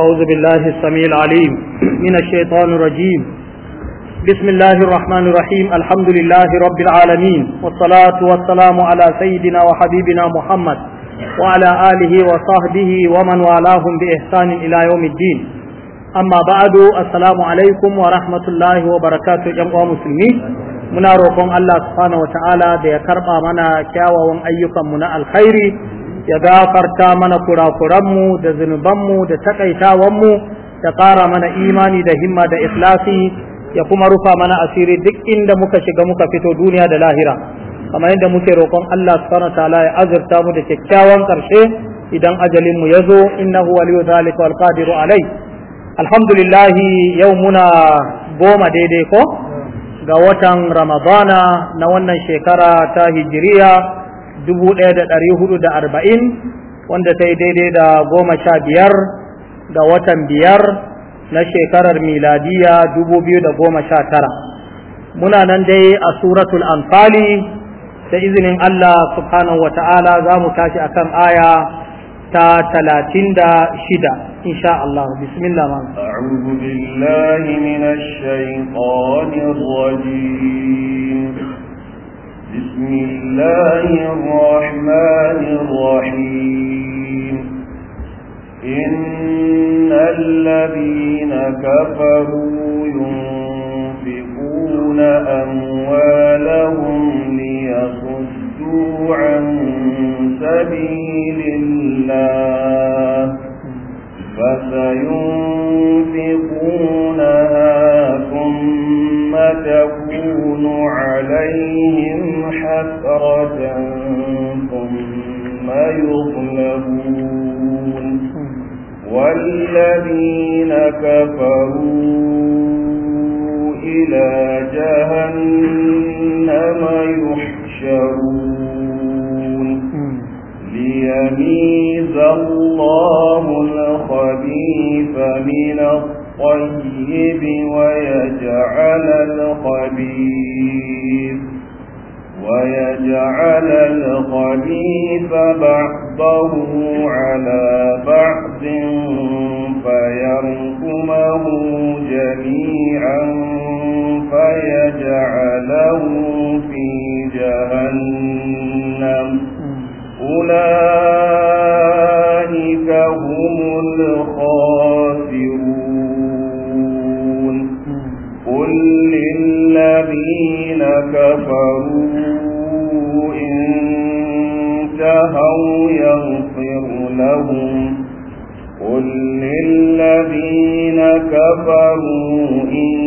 أعوذ بالله السميع العليم من الشيطان الرجيم بسم الله الرحمن الرحيم الحمد لله رب العالمين والصلاة والسلام على سيدنا وحبيبنا محمد وعلى آله وصحبه ومن والاهم بإحسان إلى يوم الدين أما بعد السلام عليكم ورحمة الله وبركاته جمع مسلمين منا روكم الله سبحانه وتعالى ta'ala منا كاوا أيكم منا الخير ya gafarta mana kurakuranmu da zunubanmu da takaitawanmu ya ƙara mana imani da himma da ikhlasi ya kuma rufa mana asiri duk inda muka shiga muka fito duniya da lahira kamar yadda muke roƙon Allah subhanahu wa ta'ala ya azurta mu da kyakkyawan ƙarshe idan ajalin mu yazo innahu waliyyu zalika wal qadiru alai alhamdulillah yau muna goma daidai ko ga watan ramadana na wannan shekara ta hijiriya dubu ɗaya da ɗari hudu da arba'in wanda ta yi daidai da goma sha biyar da watan biyar na shekarar miladiya dubu biyu da goma sha tara muna nan dai a suratul anfali da izinin Allah subhanahu wa ta'ala za mu tashi kan aya ta talatin da shida إن شاء الله بسم بسم الله الرحمن الرحيم إن الذين كفروا ينفقون أموالهم ليصدوا عن سبيل الله فسينفقونها ثم تكون عليهم فرجا ثم يغلبون والذين كفروا إلى جهنم يحشرون ليميز الله الخبيث من الطيب ويجعل الخبيث ويجعل الخبيث بعضه على بعض فيركمه جميعا فيجعله في جهنم أولئك هم الخاسرون قل للذين كفروا أو يغفر لهم قل للذين كفروا إن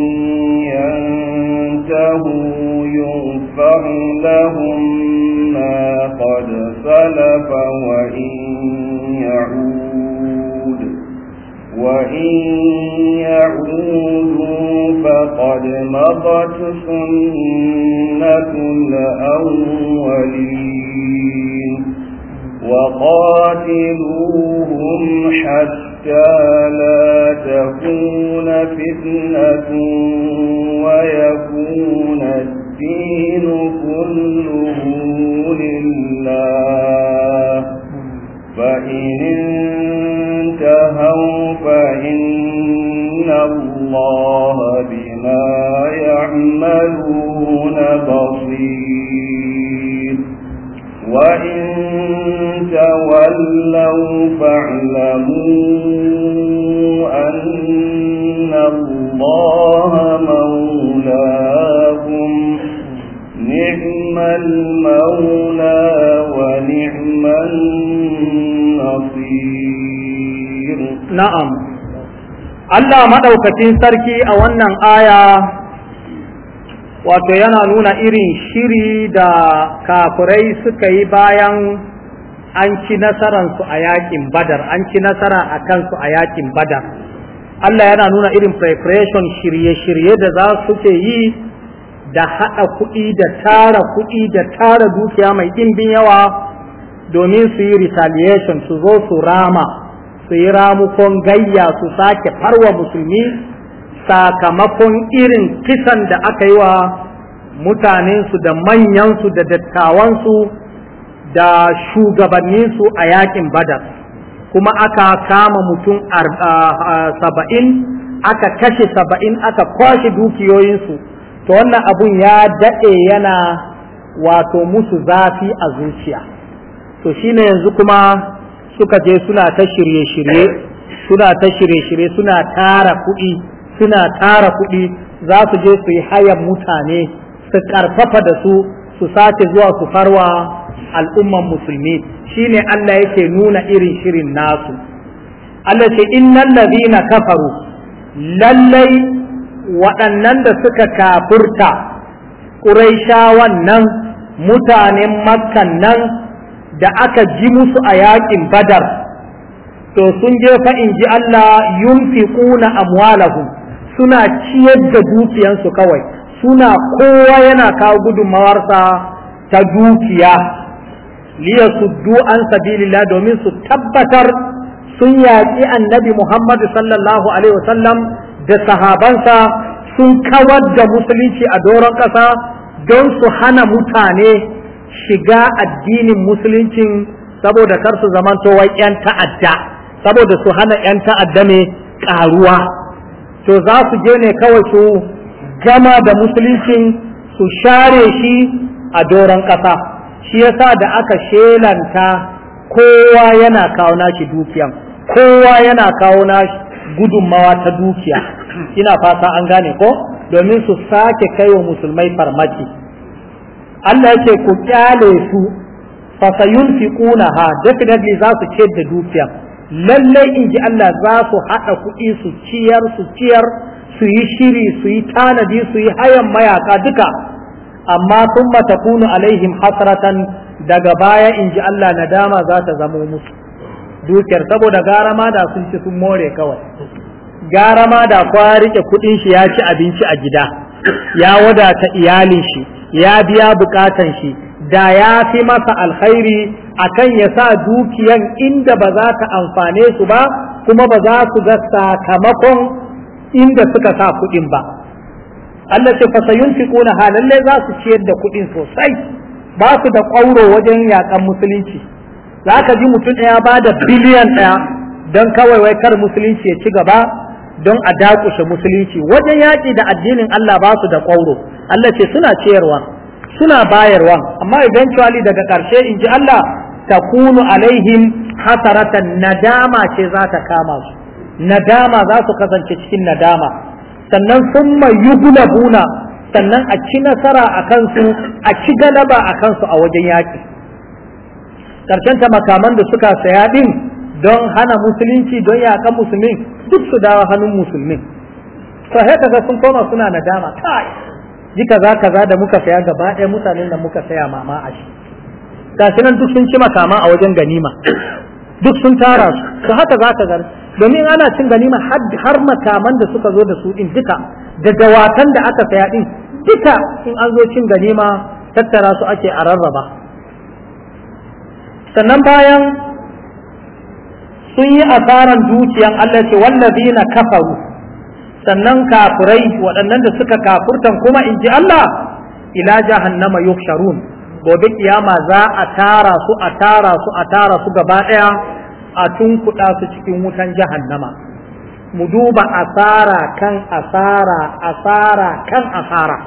ينتهوا يغفر لهم ما قد سلف وإن يعود وإن يعودوا فقد مضت سنة الأولين وقاتلوهم حتى لا تكون فتنة ويكون na'am Allah maɗaukacin sarki a wannan aya wato yana nuna irin shiri da kafurai suka yi bayan an ci nasararsu a yakin badar an ci nasara a kansu a yakin badar Allah yana nuna irin preparation shirye-shirye da za su ke yi da haɗa kuɗi da tara kuɗi da tara dukiya mai ɗimbin yawa domin su yi retaliation su zo su rama su yi ramukon gayya su sake farwa musulmi sakamakon irin kisan da aka yi wa mutanensu da manyansu da dattawansu da shugabanninsu a yakin badar kuma aka kama mutum saba'in aka kashe saba'in aka kwashe dukiyoyinsu to wannan abun ya daɗe yana wato musu zafi a zuciya to shine yanzu kuma suka je suna ta shirye-shirye suna ta shirye-shirye suna tara kuɗi suna tara kuɗi za su je su yi hayan mutane su karfafa da su su sace zuwa su farwa al'umman musulmi shine Allah yake nuna irin shirin nasu Allah ce innal ladina kafaru lallai waɗannan da suka kafurta ƙuraishawan nan mutanen makkan nan da aka ji musu a yaƙin badar to sun je fa in ji Allah yunfiquna amwalahum suna ciyar da dukiyansu kawai suna kowa yana kawo gudunmawarsa ta dukiya liyasuddu an sabilillah domin su tabbatar sun yaƙi annabi Muhammad sallallahu alaihi wasallam da sahabansa sun kawar da musulunci a doron ƙasa don su hana mutane shiga addinin musuluncin saboda kar su zamanto wai 'yan ta'adda saboda su hana 'yan ta'adda ne karuwa to za su je ne kawai su gama da musuluncin su share shi a doron ƙasa shi yasa da aka shelanta kowa yana kawo nashi dukiyan kowa yana kawo nashi gudunmawa ta dukiya ina fata an gane ko domin su sake kai wa musulmai farmaki Allah ya ce ku kyale su fa ha definitely za su ce da dukiya lalle in ji Allah za su hada kuɗi su ciyar su ciyar su yi shiri su yi tanadi su yi hayan mayaka duka amma sun kunu alaihim hasratan daga baya in ji Allah nadama za ta zamo musu dukiyar saboda gara ma da sun ci sun more kawai gara ma da kwari riƙe kuɗin shi ya ci abinci a gida ya wadata iyalin shi ya biya bukatan shi da ya fi masa alkhairi akan ya sa dukiyan inda ba za ta amfane su ba kuma ba za su ga sakamakon inda suka sa kuɗin ba Allah ce fa kuna halalle za su ciyar da kuɗin sosai ba su da ƙwauro wajen yaƙan musulunci za ka ji mutum ɗaya ba da biliyan ɗaya don kawai wai kar musulunci ya ci gaba don a dakushe musulunci wajen yaƙi da addinin Allah ba su da ƙwauro Allah ce suna ciyarwa suna bayarwa amma eventually daga ƙarshe in ji Allah ta kunu alaihim hasaratan nadama ce za ta kama su nadama za su kasance cikin nadama sannan sun summa buna sannan a ci nasara a kansu a ci galaba a kansu a wajen yaƙi ƙarshen ta makaman da suka saya ɗin don hana musulunci don yaƙan musulmin duk su dawa hannun musulmin to haka sun koma suna nadama kai ji kaza kaza da muka saya gaba ɗaya mutanen da muka saya mama a shi nan duk sun ci makama a wajen ganima duk sun tara su da haka za ka gani domin ana cin ganima har makaman da suka zo da su din duka da dawatan da aka saya din duka in an zo cin ganima tattara su ake a rarraba sannan bayan sun yi asaran dukiyan Allah ce wallazina kafaru sannan kafurai waɗannan da suka kafurtan kuma in ji Allah ila jahannama yuksharun gobe kiyama za a tara su a tara su a tara su gaba ɗaya a tunkuɗa su cikin wutan jahannama mu duba asara kan asara asara kan asara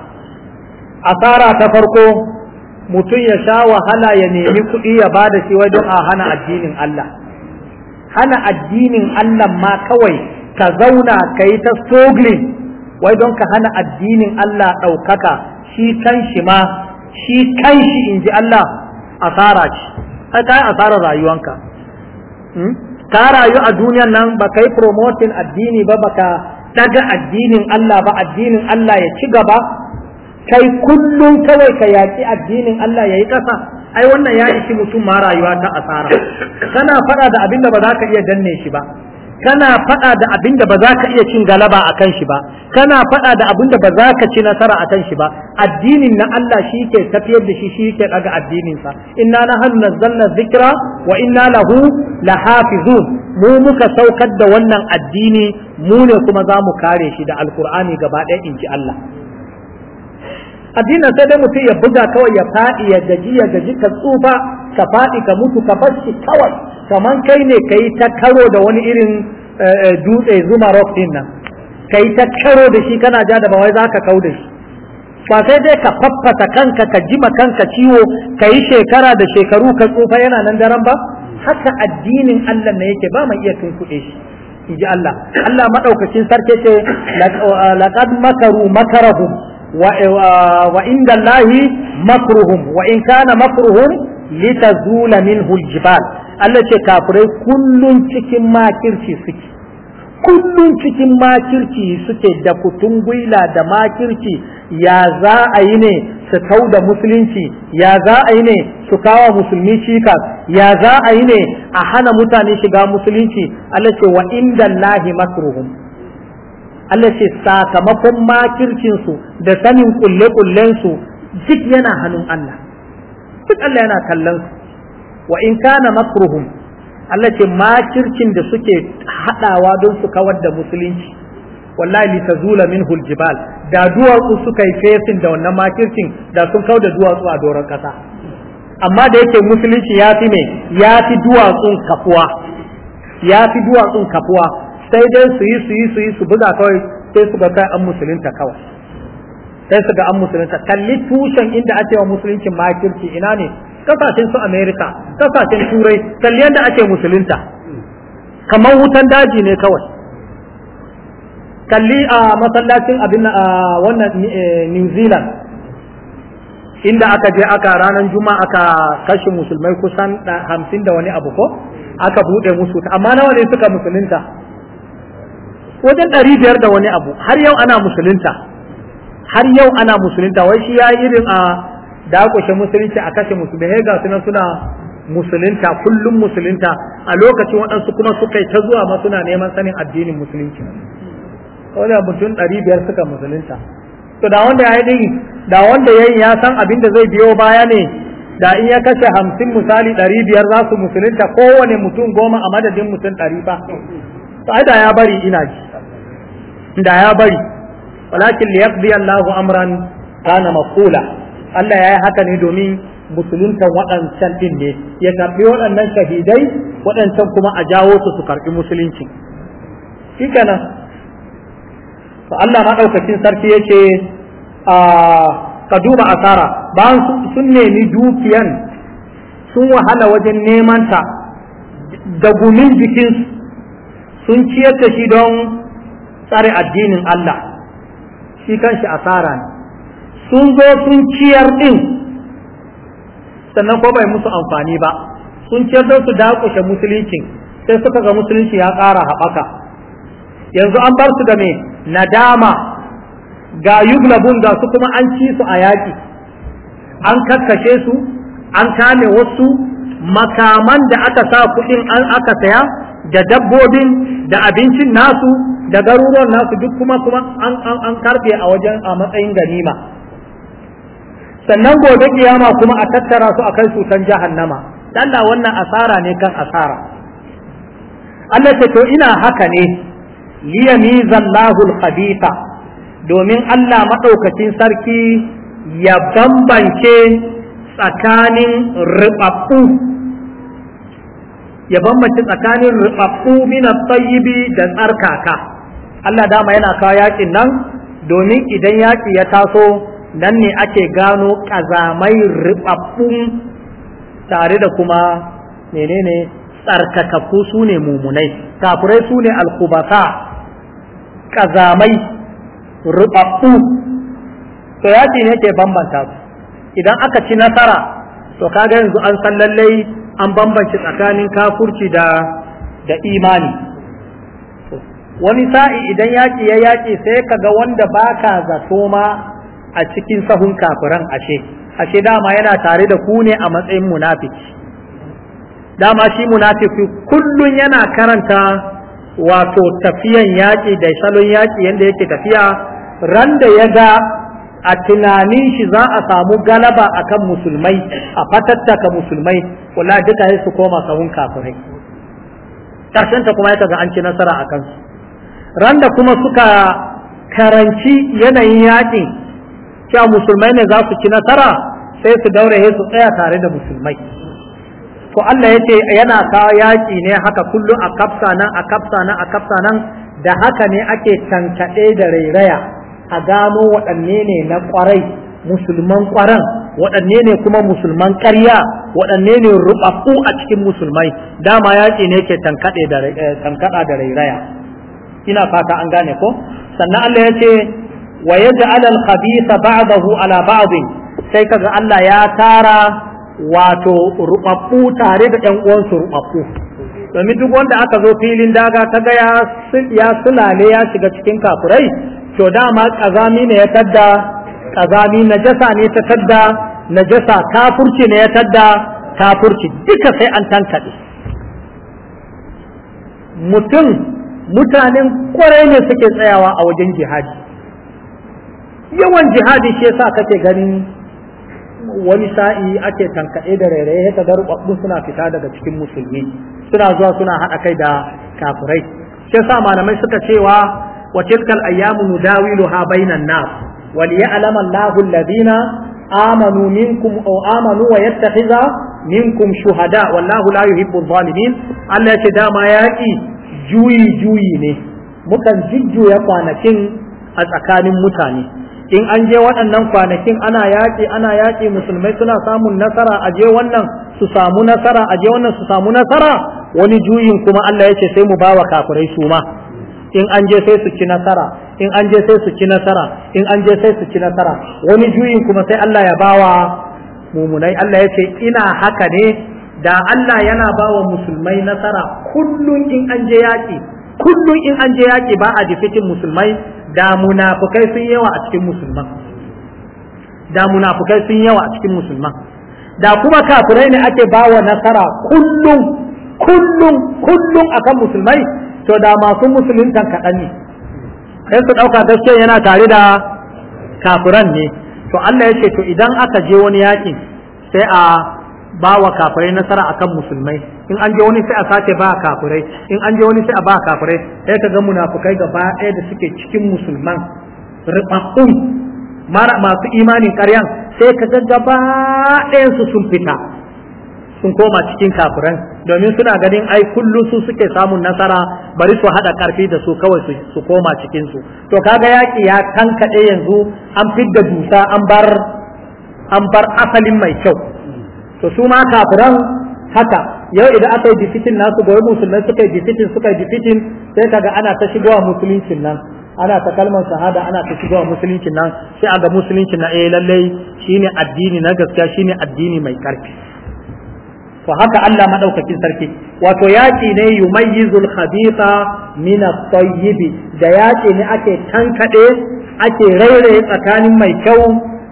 asara ta farko mutum ya sha wahala ya nemi kuɗi ya bada da shi wajen a hana addinin Allah hana addinin Allah ma kawai ka zauna ka yi ta struggling wai don ka hana addinin Allah ɗaukaka shi kanshi ma shi kanshi in ji Allah asara ce ai ka yi asarar rayuwanka hmm? ka rayu a duniyan nan ba ka yi promoting addini ba baka daga addinin Allah ba addinin Allah ya ci gaba kai kullum kawai ka yaƙi addinin Allah ya yi ƙasa ai wannan ya ishi mutum ma rayuwa ta asara kana faɗa da abinda ba za ka iya danne shi ba kana faɗa da abin da ba za ka iya cin galaba a kan shi ba kana faɗa da abin da ba za ka ci nasara a kan shi ba addinin na Allah shi ke tafiyar da shi shi ke ɗaga addininsa inna nahnu nazzalna dhikra wa inna lahu lahafizun mu muka saukar da wannan addini mu ne kuma za mu kare shi da alkur'ani gaba ɗaya in ji Allah addinin sai dai mutum ya buga kawai ya faɗi ya gaji ya gaji ka tsufa ka faɗi ka mutu ka fashi kawai Kamar kai ne ka yi ta karo da wani irin eh, eh, dutse zuma rock din nan ka yi ta karo da shi kana ja da ba wai za ka kau da shi ba sai dai ka faffasa kanka ka jima kanka ciwo ka yi shekara da shekaru ka tsufa yana nan daren ba haka addinin Allah ne yake ba mai iya kai kuɗe shi in ji Allah Allah maɗaukacin sarki ce oh, ah, laqad makaru makarahu. Eh, wa inda makruhum wa in kana makruhum litazula minhu aljibal Allah ce kafirai kullun cikin makirci suke kullun cikin makirci suke da kutun gwila da makirci ya za a yi ne su kau da musulunci ya za a yi ne su kawo musulmi cika ya za a yi ne a hana mutane shiga musulunci Allah ce wa inda makruhum Allah ce sakamakon makircinsu da sanin kulle-kullensu duk yana hannun Allah duk Allah yana kallon su wa in kana makruhum Allah ce makircin da suke hadawa don su kawar da musulunci wallahi li tazula minhu aljibal da duwatsu suka yi fesin da wannan makircin da sun kawar da duwatsu a doron kasa amma da yake musulunci ya fi ne ya fi duwatsun kafuwa ya fi duwatsun kafuwa sai dai su yi su yi su yi su buga kawai sai su ga kai an musulunta kawai sai su ga an musulunta kalli tushen inda ake wa musuluncin makirci ina ne kasashen su america kasashen turai kalli yadda ake musulunta kamar wutan daji ne kawai kalli a masallacin abin a wannan eh, new zealand inda aka je aka ranar juma aka kashe musulmai kusan hamsin da wani abu ko aka buɗe musu amma nawa ne suka musulunta wajen ɗari biyar da wani abu har yau ana musulunta har yau ana musulunta wai shi ya yi irin a dakushe musulunci a kashe musulmai ga suna suna musulunta kullum musulunta a lokacin waɗansu kuma suka yi ta zuwa ma suna neman sanin addinin musulunci kawai da mutum ɗari biyar suka musulunta to da wanda ya yi da wanda ya yi ya san abin da zai biyo baya ne da in ya kashe hamsin misali ɗari biyar za su musulunta kowane mutum goma a madadin mutum ɗari ba ai da ya bari ina ji da ya bari walakin yaqdi Allahu amran kana maqula Allah ya haka ne domin musuluntan waɗancan ɗin ne ya karɓi waɗannan shahidai waɗancan kuma a jawo su su karɓi musulunci shi to Allah maɗaukacin sarki yake a ka duba asara Ba sun nemi dukiyan sun wahala wajen neman ta da gumin jikinsu sun ciyar da shi don tsare addinin Allah shi kanshi asara ne sun zo sun ciyar din sannan ko bai musu amfani ba sun ciyar don su dakushe musuluncin sai suka ga musulunci ya ƙara haɓaka yanzu an bar su da me nadama ga yuglabun ga su kuma an ci su a yaƙi an kakkashe su an kame wasu makaman da aka sa kuɗin an aka saya da dabbobin da abincin nasu da garuruwan nasu duk kuma kuma an an an karfe a wajen a matsayin ganima sannan gobe kiyama kuma a tattara su a kai su kan jahannama Allah wannan asara ne kan asara Allah ce to ina haka ne liyamizallahu al-khabitha domin Allah madaukakin sarki ya bambance tsakanin ribabbu ya bambance tsakanin rubabu min tayyibi da tsarkaka Allah dama yana kawo yakin nan domin idan yaki ya taso nan ne ake gano kazamai rubabbun tare da kuma menene tsarkakakku su ne mumunai kafurai su ne alkubasa kazamai rubabbu to yaki ne ke bambanta idan aka ci nasara to kaga yanzu an san lallai an bambance tsakanin kafurci da da imani wani sa'i idan yaƙi ya yaƙi sai ka ga wanda baka zato ma a cikin sahun kafiran ashe ashe dama yana tare da ku ne a matsayin munafiki dama shi munafiki kullum yana karanta wato tafiyan yaƙi da salon yaƙi yadda yake tafiya ran da ya ga a tunanin shi za a samu galaba a kan musulmai a fatattaka musulmai wala duka sai su koma sahun kafirai ƙarshen ta kuma ya ga an ci nasara a kansu randa kuma suka karanci yanayin yaƙin cewa musulmai ne za su ci nasara sai su daure su tsaya tare da musulmai Ko Allah yace yana kawo yaƙi ne haka kullum a kafsa nan a kafsa nan a kafsa nan da haka ne ake tankaɗe da rairaya a gano waɗanne ne na ƙwarai musulman ƙwaran waɗanne ne kuma musulman ƙarya waɗanne ne rubafu a cikin musulmai dama yaƙi ne ke eh, tankaɗa da rairaya ina fata an gane ko sannan Allah ya ce wa yaj'al kabisa khabitha ba'dahu ala ba'd sai kaga Allah ya tara wato rubafu tare da ɗan uwansu rubafu domin duk wanda aka zo filin daga ta gaya ya sulale ya shiga cikin kafurai to dama kazami ne ya tadda kazami najasa ne ta tadda najasa kafurci ne ya tadda kafurci duka sai an tankaɗe mutum mutanen kwarai ne suke tsayawa a wajen jihadi yawan jihadi shi yasa kake ganin wani sa'i ake tankaɗe da rairaye ya tagar suna fita daga cikin musulmi suna zuwa suna haɗa kai da kafurai shi yasa malamai suka cewa wa tilkal ayyamu nudawiluha bainan nas wal ya'lamu Allahu alladhina amanu minkum aw amanu wa yattakhidha minkum shuhada wallahu la yuhibbu adh Allah ya ce dama yaƙi. juyi juyi ne mukan jujjuya kwanakin a tsakanin mutane in an je waɗannan kwanakin ana yaƙi ana yaƙi musulmai suna samun nasara a je wannan su samu nasara a je wannan su samu nasara wani juyin kuma Allah ya ce sai mu bawa kafirai suma. in an je sai su ci nasara in an je sai su ci nasara in an je sai su ci nasara wani juyin kuma sai Allah ya bawa mumunai Allah ya ce ina haka ne da Allah yana bawa musulmai nasara kullun in an je yaƙi kullun in an je yaki ba a jifikin musulmai da munafukai sun yawa a cikin musulman da munafukai sun yawa a cikin musulman da kuma kafirai ne ake bawa nasara kullum kullun kullum akan musulmai to da masu musuluntan kaɗan ne sai su ɗauka gaske yana tare da kafiran ne to Allah ya ce to idan aka je wani yaƙi sai a ba wa kafirai nasara akan musulmai in an je wani sai a sace ba kafirai in an je wani sai a ba kafirai sai ka ga munafukai gaba ɗaya da suke cikin musulman ribabbun mara masu imanin ƙaryan sai ka ga gaba ɗayan su sun fita sun koma cikin kafiran domin suna ganin ai kullum su suke samun nasara bari su hada karfi da su kawai su koma cikin su to kaga yaki ya kankade yanzu an fidda dusa an bar an bar asalin mai kyau to su ma kafiran haka yau idan aka yi difitin nasu goyi musulmai suka yi difitin suka yi difitin sai kaga ana ta a musuluncin nan ana ta kalmar shahada ana ta a musuluncin nan sai a ga musuluncin nan eh lallai shine addini na gaskiya shine addini mai karfi to haka Allah madaukakin sarki wato yaƙi ne yumayyizul khabitha min at-tayyib da yaƙi ne ake tankade ake rairaye tsakanin mai kyau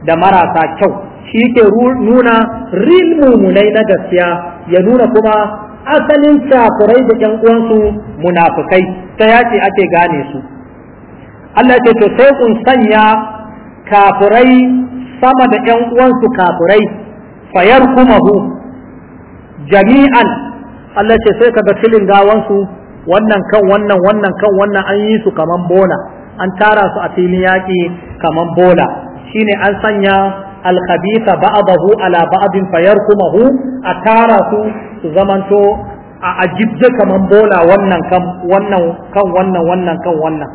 da marasa kyau shi ke nuna ril mumunai na gaskiya ya nuna kuma asalin kafirai da ƴan uwansu munafukai ta yaƙi ake gane su Allah ce to sai kun sanya kafurai sama da 'yan uwansu kafurai. fayar kuma hu jami'an Allah ce sai ga filin gawansu wannan kan wannan wannan kan wannan an yi su kaman bola an tara su a filin yaƙi kaman bola shine an sanya alkhabitha ba'dahu ala ba'din fayarkumahu a tara su su zamanto a ajibje kaman bola wannan kan wannan kan wannan wannan kan wannan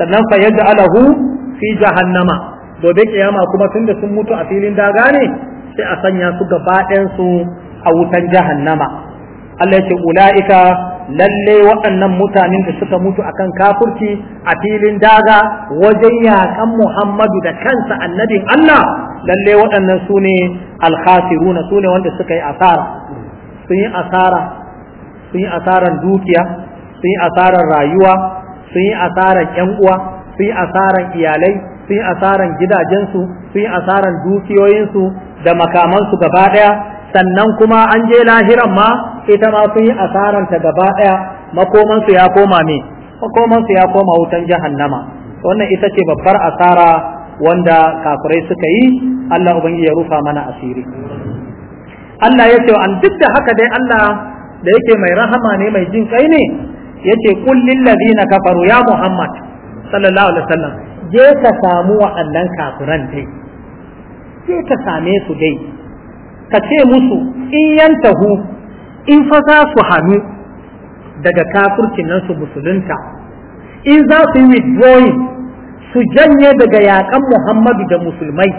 sannan fayaj'alahu fi jahannama Dobe kiyama kuma tunda sun mutu a filin daga ne sai a sanya su gaba ɗayan su a wutan jahannama Allah ya ula'ika lalle waɗannan mutanen da suka mutu akan kafurci a filin daga wajen yaƙan Muhammadu da kansa annabin Allah lalle waɗannan su ne alkhasiruna su ne wanda suka yi asara sun yi asara sun yi asaran dukiya sun yi asaran rayuwa sun yi asaran ƴan uwa sun yi asaran iyalai sun yi asaran gidajensu sun yi asaran dukiyoyinsu da makamansu gaba ɗaya sannan kuma an je lahiran ma ita ma sun yi ta gaba ɗaya makomansu ya koma me makomansu ya koma wutan jahannama wannan ita ce babbar asara wanda kafirai suka yi Allah ubangiji ya rufa mana asiri Allah ya ce an duk da haka dai Allah da yake mai rahama ne mai jin kai ne yace qul lil ladina kafaru ya Muhammad sallallahu alaihi wasallam je ka samu waɗannan kafiran dai je ka same su dai ka ce musu in yantahu in fa za su hannu daga kafircin nan su musulunta in za su yi withdrawing su janye daga yaƙan Muhammadu da musulmai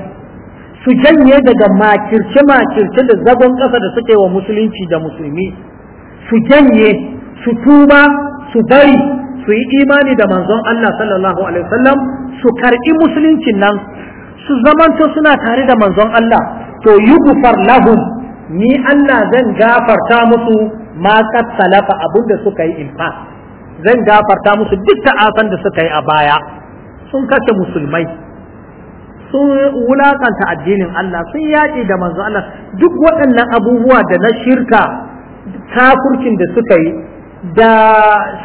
su janye daga makirce-makirce da zagon ƙasa da suke wa musulunci da musulmi su janye su tuba su bari su yi imani da manzon Allah sallallahu alaihi wasallam su karɓi musuluncin nan su zamanto suna tare da manzon Allah to yughfar lahum ni Allah zan gafarta musu ma qad abin da suka yi in zan gafarta musu duk ta'asan da suka yi a baya sun kashe musulmai sun wulakanta addinin Allah sun yaƙi da manzo Allah duk waɗannan abubuwa da na shirka kafurcin da suka yi da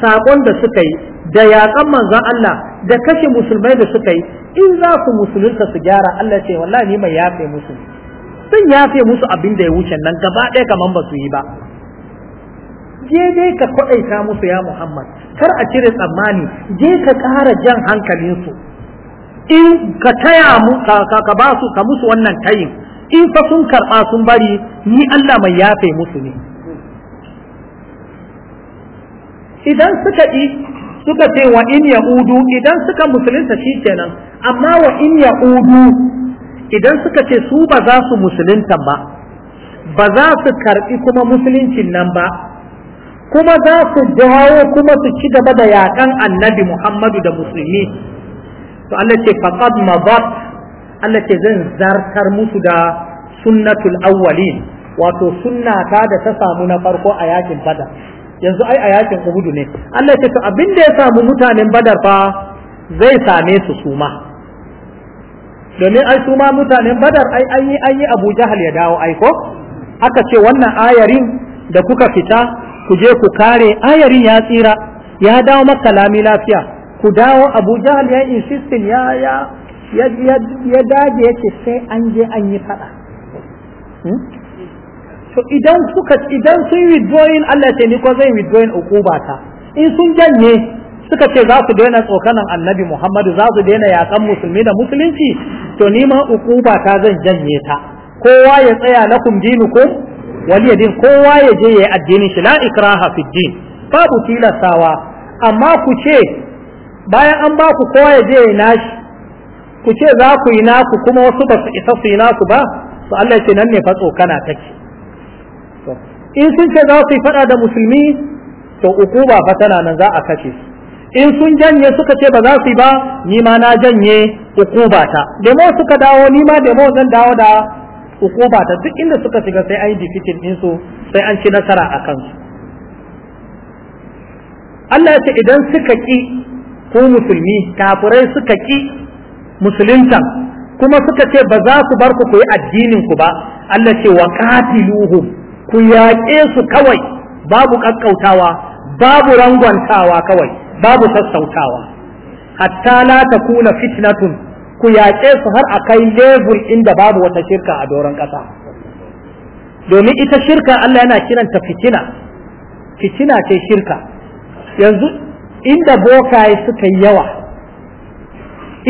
saƙon da suka yi da yaƙan manzon Allah da kashe musulmai da suka yi in za su musulunta su gyara Allah ce wallahi ni mai yafe musu zan yafe musu abin da ya wuce nan gaba ɗaya kamar ba su yi ba je dai ka kwaɗaita musu ya Muhammad kar a cire tsammani je ka ƙara jan hankalinsu in ka taya mu ka ba su ka musu wannan tayin in fa sun karɓa sun bari ni Allah mai yafe musu ne idan suka ɗi suka ce wa in udu, idan suka musulunta shi kenan amma wa in udu. idan suka ce su ba za su musulunta ba ba za su karbi kuma musuluncin nan ba kuma za su dawo kuma su ci gaba da yakan annabi Muhammadu da musulmi to Allah ce faqad Allah ce zan zartar musu da sunnatul awwalin wato sunna ta da ta samu na farko a yakin bada yanzu ai a yakin uhudu ne Allah ce to abin da ya samu mutanen badar fa zai same su suma domin ai su ma mutanen badar ai an yi an yi abu jahal ya dawo ai ko aka ce wannan ayarin da kuka fita ku je ku kare ayarin ya tsira ya dawo maka lami lafiya ku dawo abu jahal ya insistin ya ya ya dage ce sai an je an yi fada hmm? to idan suka idan sun withdrawing Allah ce ni ko zai withdrawing uqubata in sun janye suka ce za su daina tsokanan annabi Muhammadu za su daina yakan musulmi da musulunci to ni ma ukuba ta zan janye ta kowa ya tsaya lakum dinukum waliyadin kowa ya je yayi addinin shi la ikraha fi din babu tilastawa amma ku ce bayan an ba ku kowa ya je yayi nashi ku ce za ku yi naku kuma wasu ba su isa su yi naku ba to Allah ya ce nan ne fa tsokana take in sun ce za su yi fada da musulmi to ukuba fa tana nan za a kashe su in sun janye suka ce ba za su yi ba ni ma na janye ta demo suka dawo ni ma demo zan dawo da ta duk inda suka shiga sai an yi difitin su sai an ci nasara a kansu Allah ya ce idan suka ki ko musulmi kafirai suka ki musuluntan kuma suka ce ba za su bar ku ku yi addinin ku ba Allah ce wa qatiluhu ku yaƙe su kawai babu kakkautawa babu rangwantawa kawai babu sassautawa hatta la takuna fitnatun ku yaƙe su har a kai level inda babu wata shirka a doron ƙasa domin ita shirka Allah yana kiranta fitina fitina ce shirka yanzu inda bokaye suka yi yawa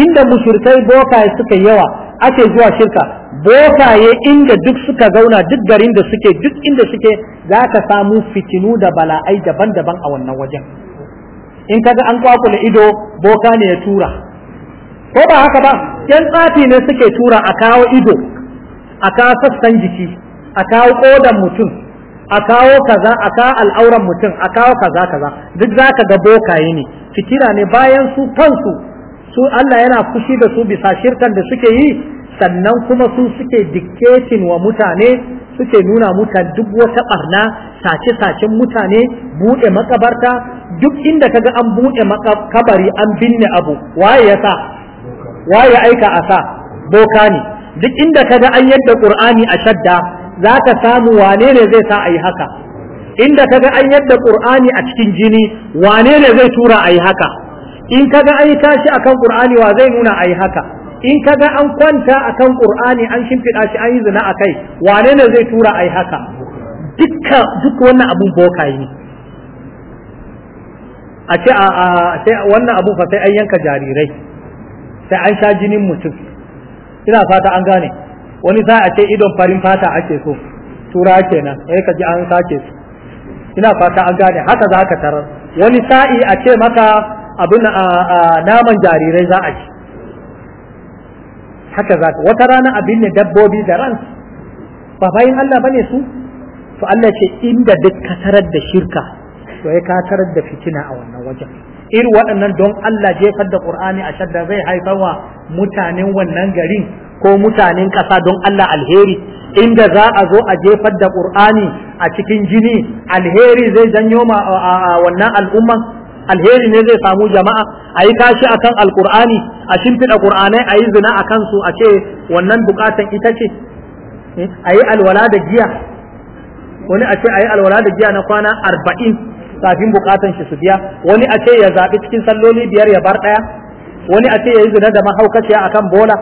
inda mushrikai bokaye suka yi yawa ake zuwa shirka bokaye inda duk suka zauna duk garin da suke duk inda suke za ka samu fitinu da bala'ai daban-daban a wannan wajen in kaga an kwakula ido boka ne ya tura ko ba haka ba yan tsafi ne suke tura a kawo ido a kawo sassan jiki a kawo kodan mutum a kawo kaza a kawo al'auran mutum a kawo kaza kaza duk zaka ga bokaye ne fitira ne bayan su kansu su Allah yana fushi da su bisa shirkan da suke yi sannan kuma su suke dikketin wa mutane suke nuna mutan duk wata barna sace-sacen mutane buɗe makabarta duk inda kaga an buɗe kabari an binne abu waye ya sa waye aika a sa boka ne duk inda kaga an yadda qur'ani a shadda za ka samu wane ne zai sa ayi haka inda kaga an yadda qur'ani a cikin jini wane ne zai tura ayi haka in kaga an tashi akan qur'ani wa zai nuna ayi haka in kaga an kwanta akan qur'ani an shimfiɗa shi an yi zina akai wane ne zai tura ai haka dukka duk wannan abun bokaye ne a ce a sai wannan abu fa sai an yanka jarirai sai an sha jinin mutum ina fata an gane wani sai a ce idon farin fata ake so tura kenan sai ka ji an sake su ina fata an gane haka za ka tarar wani sa'i a ce maka abin naman jarirai za a ci haka za ta wata rana abin ne dabbobi da ransu ba bayan Allah bane su to Allah ce inda duk ka tarar da shirka to ya ka tarar da fitina a wannan wajen irin waɗannan don Allah jefar da Qur'ani a shadda zai haifar wa mutanen wannan garin ko mutanen ƙasa don Allah alheri inda za a zo a jefar da Qur'ani a cikin jini alheri zai janyo ma wannan al'umman. alheri ne zai samu jama'a a yi kashi a kan alkur'ani a shimfiɗa ƙur'anai a yi zina a kansu a ce wannan bukatan ita ce eh, a yi alwala da giya wani a ce a yi alwala da giya na kwana arba'in kafin bukatan shi su biya wani a ce ya zaɓi cikin salloli biyar ya bar ɗaya wani a ce ya yi zina da mahaukaciya akan bola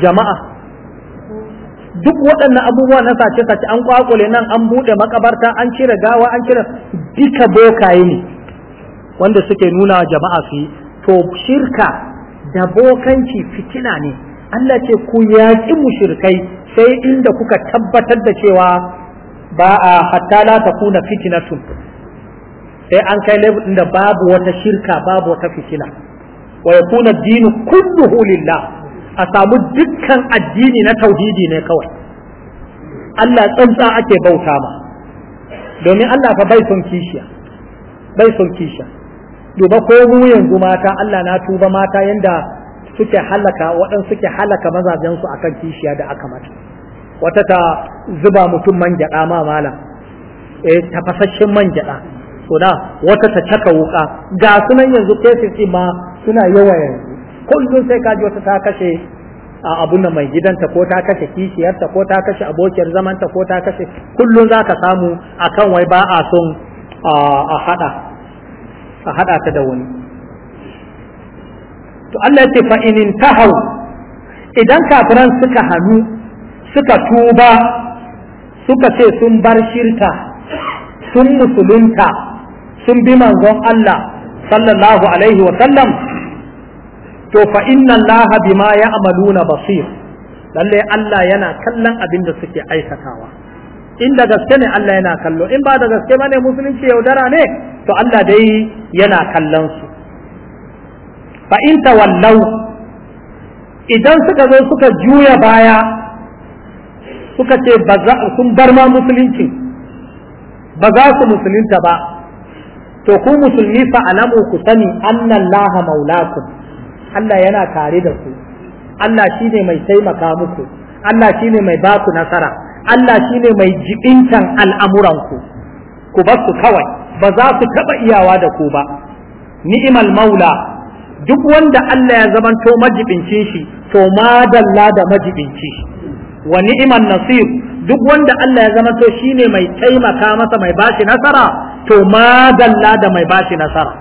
jama'a duk waɗannan abubuwa na sace-sace an kwakule nan an buɗe makabarta an cire gawa an cire duka bokaye ne wanda suke nuna jama'a su to shirka da bokanci fitina ne Allah ce ku yaƙi mushrikai sai inda kuka tabbatar da cewa ba a hatta la takuna fitnatun sai an kai level inda babu wata shirka babu wata fitina wa yakuna dinu kulluhu lillah a samu dukkan addini na tauhidi ne kawai Allah tsantsa ake bauta ma domin Allah fa bai son kishiya bai son kishiya duba ko mu yanzu mata Allah na tuba mata yanda suke halaka waɗansu suke halaka mazajensu akan kishiya da aka mata wata ta zuba mutum man gyaɗa ma malam eh tafasasshen man gyaɗa suna wata ta caka wuka ga sunan yanzu kesis ma suna yawa yanzu kullum sai kaji wata ta kashe a abun mai gidanta ko ta kashe kishiyarta ko ta kashe abokiyar zamanta ko ta kashe kullum za ka samu akan wai ba a son a haɗa a haɗa ta da wani to Allah ya ce fa in intahu idan kafiran suka hanu suka tuba suka ce sun bar shirka sun musulunta sun bi manzon Allah sallallahu alaihi wa sallam to fa inna Allah bima ya'maluna basir lalle Allah yana kallon abin da suke aikatawa in da gaske ne Allah yana kallo in ba da gaske ne musulunci yaudara ne to Allah dai yana kallon su fa in idan suka zo suka juya baya suka ce sun bar ma musulunci ba za su musulunta ba to ku musulmi fa alamu ku sani annallaha maulakum Allah yana tare da ku Allah shine mai taimaka muku Allah shine mai ba ku nasara Allah shine mai jibintan al'amuran ku bar su kawai ba za su taɓa iyawa da ku ba ni'imal maula duk wanda Allah ya zamanto majibinci shi to madalla da majibinci wa ni'iman nasir duk wanda Allah ya zamanto shine mai taimaka masa mai bashi nasara to madalla da mai bashi nasara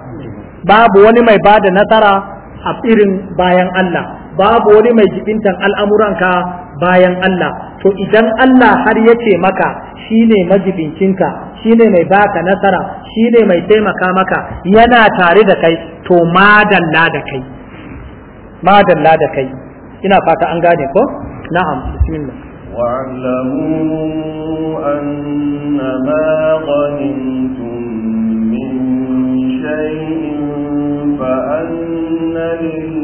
babu wani mai bada nasara a irin bayan Allah babu wani mai jibintan al'amuranka bayan Allah to idan Allah har ya ce maka shine majibincinka Shi ne mai baka nasara shi ne mai taimaka maka yana tare da kai to madalla da kai madalla da kai ina fata an gane ko na'am bismillah واعلموا أن ما غنمتم من شيء فأن لله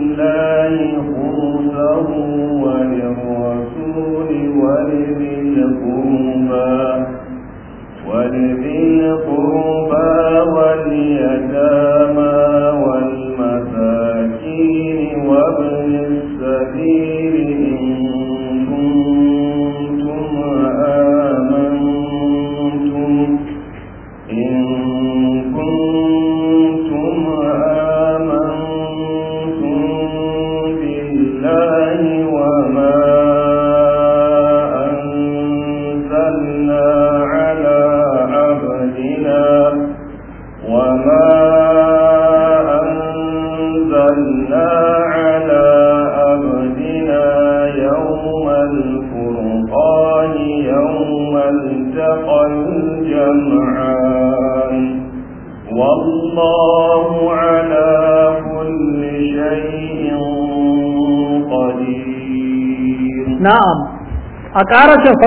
ذي القربى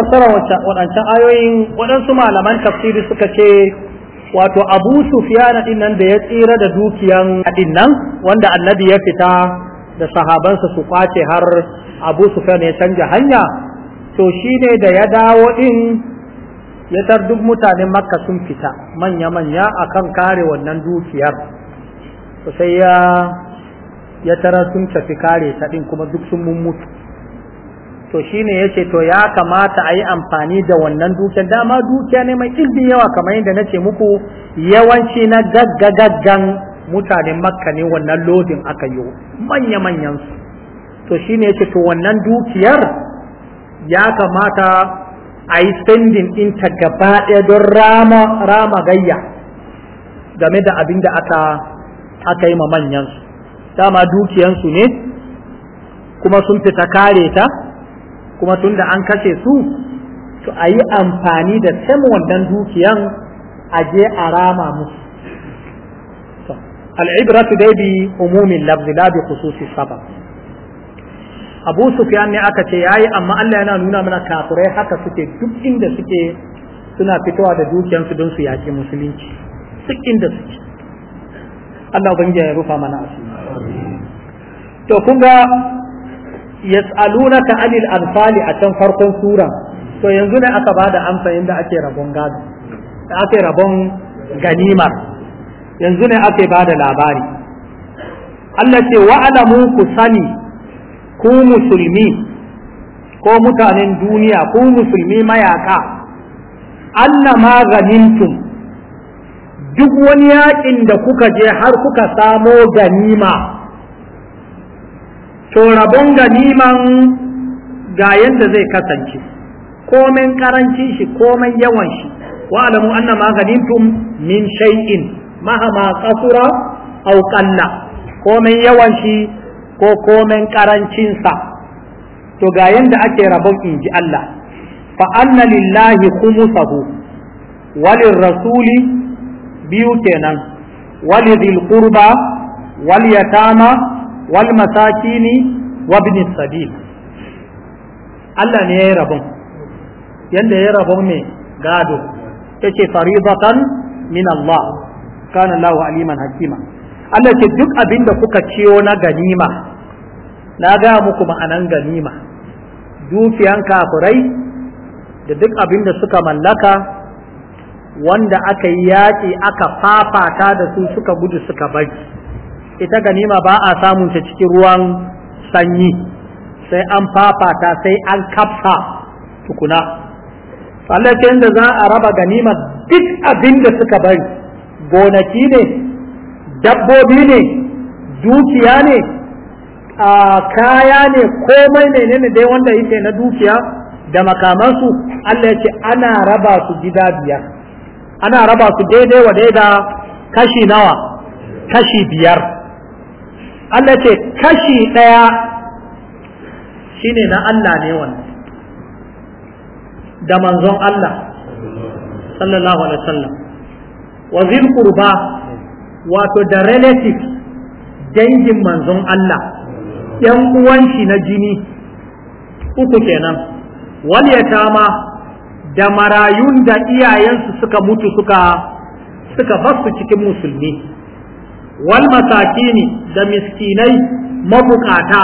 fassara waɗancan ayoyin waɗansu malaman tafsiri suka ce wato abu sufiyana na nan da ya tsira da dukiyan A nan wanda annabi ya fita da sahabansa su kwace har abu sufiyana ya canja hanya to shi ne da ya dawo in ya tar duk mutanen makka sun fita manya-manya akan kare wannan dukiyar sai ya ya tara sun tafi kare ta ɗin kuma duk sun mummutu to shine yace to ya kamata a yi amfani da wannan dukiyar dama dukiya ne mai ilmi yawa kamar yadda na ce muku yawanci na gaggagaggan mutanen makka ne wannan lodin aka yi manya-manyan su to shine yace to wannan dukiyar ya kamata a yi spending ta gaba ɗaya don rama, rama gayya game da abin da aka aka yi ma manyansu dama dukiyansu ne kuma sun fita kare ta kuma tun da an kashe su to a yi amfani da sam wannan dukiyan a je a rama musu al'ibratu dai bi umumin lafzi la bi khususi sabab abu sufyan ne aka ce yayi amma Allah yana nuna mana kafirai haka suke duk inda suke suna fitowa da dukiyansu don su yaki musulunci duk inda suke Allah ubangiji ya rufa mana asiri to kun ga yas'alunaka anil anfali a can farkon sura to yanzu ne aka bada amsa inda ake rabon gado ake rabon ganimar yanzu ne ake bada labari Allah ce wa'alamu ku sani ku musulmi ko mutanen duniya ku musulmi mayaka annama ganimtum duk wani yakin da kuka je har kuka samo ganima to rabon ganiman ga yadda zai kasance komen karancin shi komen yawan shi wa'alamu anna ma ganimtum min shay'in mahama kasura aw qalla komen yawan shi ko komen karancin sa to ga yadda ake rabon inji Allah fa anna lillahi khumsahu walil rasuli biyu kenan walidil qurba wal yatama wal masakini wa ibn sabil Allah ne yi rabon yanda yi rabon ne gado yace faridatan min Allah kana Allahu aliman hakima Allah ce duk abin da kuka ciyo na ganima na ga muku ma'anan ganima dukiyan kafirai da duk abin da suka mallaka wanda aka yi yaƙi aka fafata da su suka gudu suka bari ita ganima ba a samun ta cikin ruwan sanyi sai an fafata sai an kafa tukuna Allah ke da za a raba ganima duk abin da suka bari gonaki ne dabbobi ne dukiya ne a kaya ne komai menene dai wanda yake na dukiya da makamansu Allah ya ce ana raba su gida biyar ana raba su daidai wa daida kashi nawa kashi biyar Allah ce kashi ɗaya shine na Allah ne wannan da manzon Allah sallallahu alaihi wasallam wa zil qurba wato da relative dangin manzon Allah yan uwan shi na jini uku kenan wal yatama da marayun da iyayensu suka mutu suka suka basu cikin musulmi wal masakini da miskinai mabukata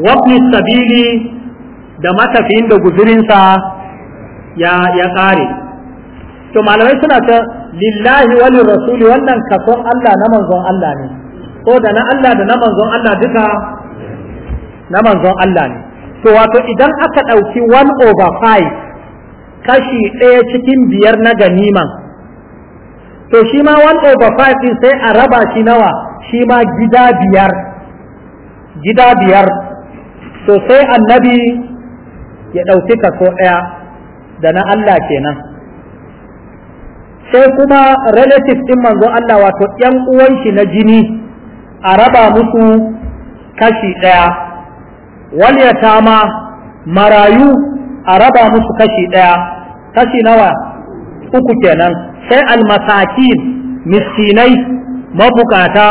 wabni sabili da matafin da guzurinsa ya kare. to malamai suna ta lillahi wal rasuli wannan kason Allah na manzon Allah ne ko da na Allah da na manzon Allah duka na manzon Allah ne to wato idan aka ɗauki 1 over 5 kashi ɗaya cikin biyar na ganiman to shi ma 1 over five din sai a raba shi nawa shi ma gida biyar gida biyar to sai annabi ya ɗauki kaso ɗaya da na Allah kenan sai kuma relative din manzo Allah wato ‘yan uwan na jini a raba musu kashi ɗaya wal yatama marayu a raba musu kashi ɗaya kashi nawa uku kenan sai almasakin miskinai mabukata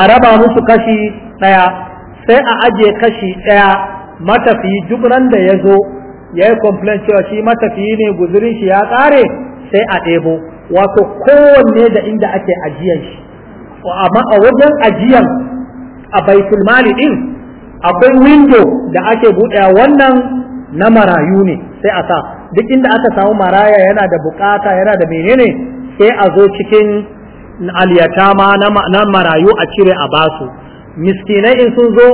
a raba musu kashi ɗaya sai a aje kashi ɗaya matafiyi duk ran da ya zo ya yi complain cewa shi matafiyi ne guzurin shi ya ƙare sai a ɗebo wato kowanne da inda ake ajiyan shi amma a wajen ajiyan a baitul mali din akwai window da ake buɗe wannan na marayu ne sai a sa duk inda aka samu maraya yana da bukata yana da menene sai a zo cikin aliyatama na marayu a cire a basu miskinai in sun zo